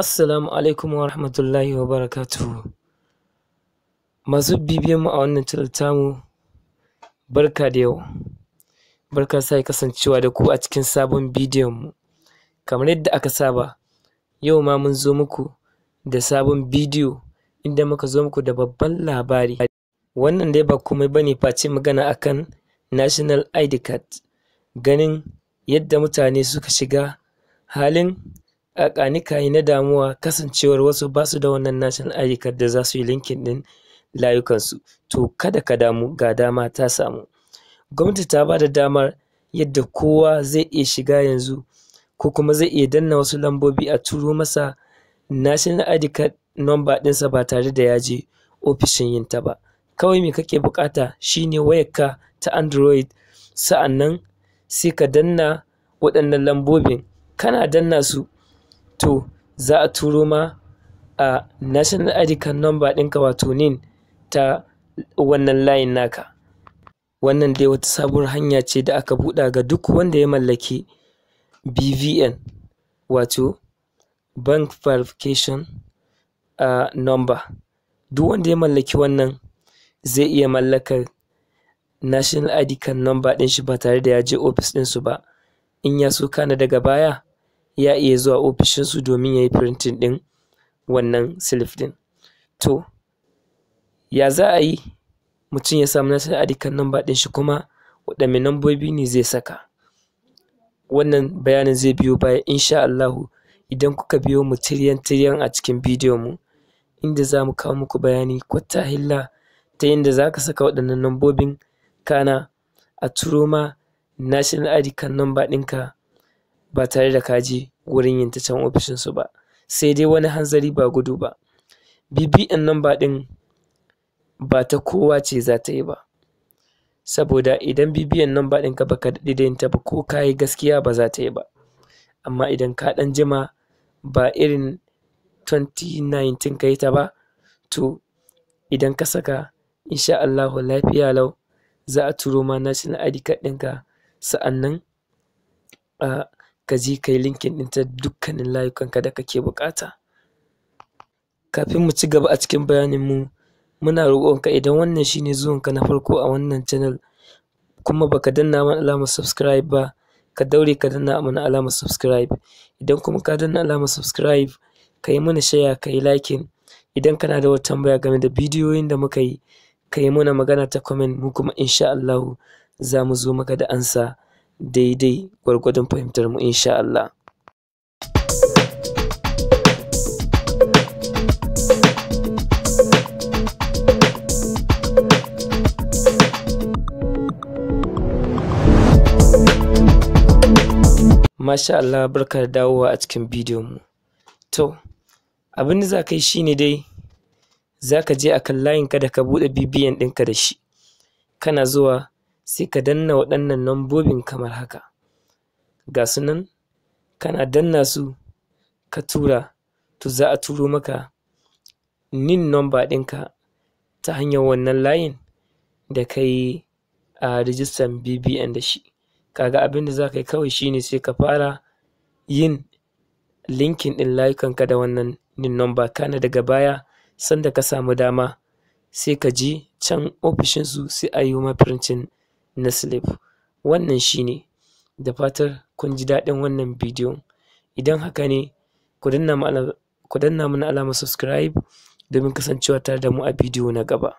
Assalamu alaikum wa rahmatullahi wa barakatuhu. Masu bibiyan mu a wannan tamu barka da yau. Barka sai kasancewa da ku a cikin sabon bidiyon mu. Kamar yadda aka saba, yau ma mun zo muku da sabon bidiyo inda muka zo muku da babban labari. Wannan dai ba komai bane face magana akan National ID Card. Ganin yadda mutane suka shiga halin kakanikayi na damuwa kasancewar wasu ba su da wannan national ayyukan da za su yi linkin din layukansu to kada ka damu ga dama ta samu gwamnati ta ba da damar yadda kowa zai iya shiga yanzu ko kuma zai iya danna wasu lambobi a turo masa national id card number ɗinsa ba tare da ya ofishin yin ta ba kawai me kake bukata shine wayarka ta android sa'annan sai ka danna waɗannan lambobin kana danna su to za a turo ma a National ID Card number ɗinka wato NIN ta wannan layin naka. Wannan dai wata sabuwar hanya ce da aka buɗa ga duk wanda ya mallaki BVN wato Bank Verification uh, Number. Duk wanda ya mallaki wannan zai iya mallakar National ID Card number ɗin shi ba tare da ya je ofis ɗinsu ba. In ya so kana daga baya ya iya zuwa ofishinsu domin ya yi printing ɗin wannan slip ɗin. To, ya za a yi mutum ya samu nasarar adikan number ɗin shi kuma waɗanne nambobi ne zai saka? Wannan bayanin zai biyo baya insha Allahu idan kuka biyo mu tiryan tiryan a cikin bidiyon mu inda za mu kawo muku bayani hilla ta yadda za ka saka waɗannan nambobin kana a turo ma national ID card number ɗinka ba tare da kaji wurin yin ta can ofishinsu ba sai dai wani hanzari ba gudu ba bibiyan nan ba ɗin ba ta kowa ce za ta yi ba saboda idan bibiyan nan ba ka baka daɗe da ba ko ka yi gaskiya ba za ta yi ba amma idan ka ɗan jima ba irin 2019 ka yi ta ba to idan ka saka insha Allahu lafiya lau za a turo ma national ID card ɗinka sa'annan a ah, ka je ka yi linkin ɗin ta dukkanin layukanka da kake bukata Kafin mu ci gaba a cikin bayanin mu muna roƙonka idan wannan shine ne zuwanka na farko a wannan channel kuma baka danna mana alamar subscribe ba ka daure ka danna mana alamar subscribe idan kuma ka danna alamar subscribe ka yi mana shaya ka yi liking idan kana da wata tambaya game da bidiyoyin da muka yi ka yi mana magana ta comment mu kuma insha Allahu za mu zo maka da ansa. daidai gwargwadon fahimtar mu insha Allah. Masha Allah barka da dawowa a cikin bidiyon mu. To, abin da za ka yi shi ne dai za ka je a kan layinka da ka buɗe bibiyan ɗinka da shi. Kana zuwa sai ka danna waɗannan lambobin kamar haka ga su nan kana danna su ka tura to za a turo maka nin number ɗinka ta hanyar wannan layin da ka yi a rijistan BBN da shi kaga abin da za ka yi kawai shine sai ka fara yin linkin ɗin layukanka da wannan nin number kana daga baya sanda ka samu dama sai ka je can ofishinsu sai a yi ma printing na sleep. Wannan shi ne, da fatar kun ji daɗin wannan bidiyon. Idan haka ne, ku danna mana alamar subscribe domin kasancewa tare da mu a bidiyo na gaba.